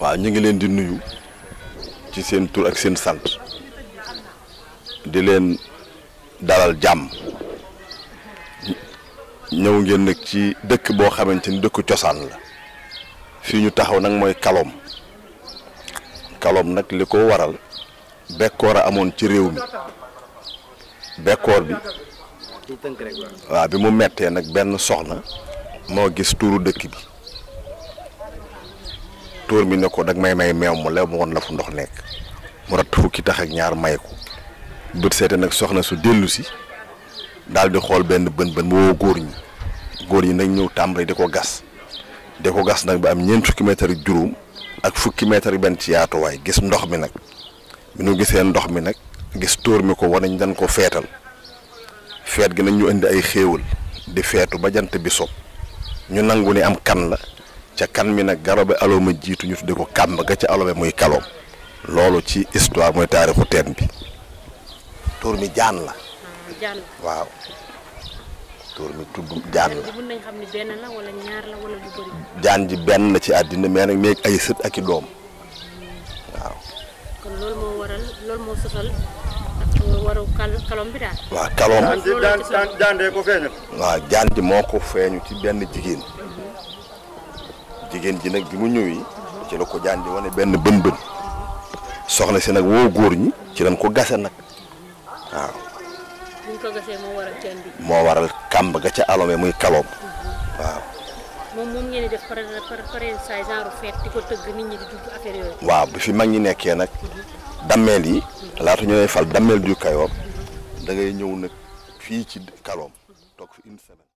waaw ñu ngi leen di nuyu ci seen tur ak seen sant di leen daral jàmm ñëw ngeen nag ci dëkk boo xamante ni dëkk cosaan la fii ñu taxaw nag mooy Kalom Kalom nag li ko waral bekkoor a amoon ci réew mi bekkoor bi waaw bi mu mettee nag benn soxna moo gis tuuru dëkk bi toor bi ne ko dag may may meew mu lew mu woon la fu ndox nekk mu ratt fukki tax ak ñaar may ko bët seete nag soxna su dellusi daldi xool benn bën bën mu góor ñi góor ñi nag ñëw tàmbali di ko gas di ko gas nag ba am ñeent fukki mètre juróom ak fukki mètre benn ci waaye gis ndox mi nag bi ñu gisee ndox mi nag gis tóor mi ko wanañ dañ ko feetal feet gi nag ñu indi ay xéewal di feetu ba jant bi sob ñu nangu ni am kan la ca kan mi nag garobe alooma jiitu ñu tudde ko kàmb ga ca aloome muy kaloom loolu ci histoire mooy taarixu teen bi tuur mi jaan la waaw tuur mi tudd jaan la jaan ji benn ci àddina mais nag meeg ay sët ak i doom waaw kon loolu moo waral loolu moo sosal waru kaloom bi daal waaw kaloom jaan ji moo ko feeñu ci benn jigéen jigéen ji nag bi mu ñëwee ci la ko jaan di wane benn bën bën soxna si nag woo góor ñi ci lañ ko gase nag moo waral teen bi. moo kàmb ga ca alome muy kaloom waaw. moom bi fi mag ñi nekkee nag dammeel yi laata ñu lay fal dammeel du Kayoor da ñëw nag fii ci kaloom toog fi une semaine.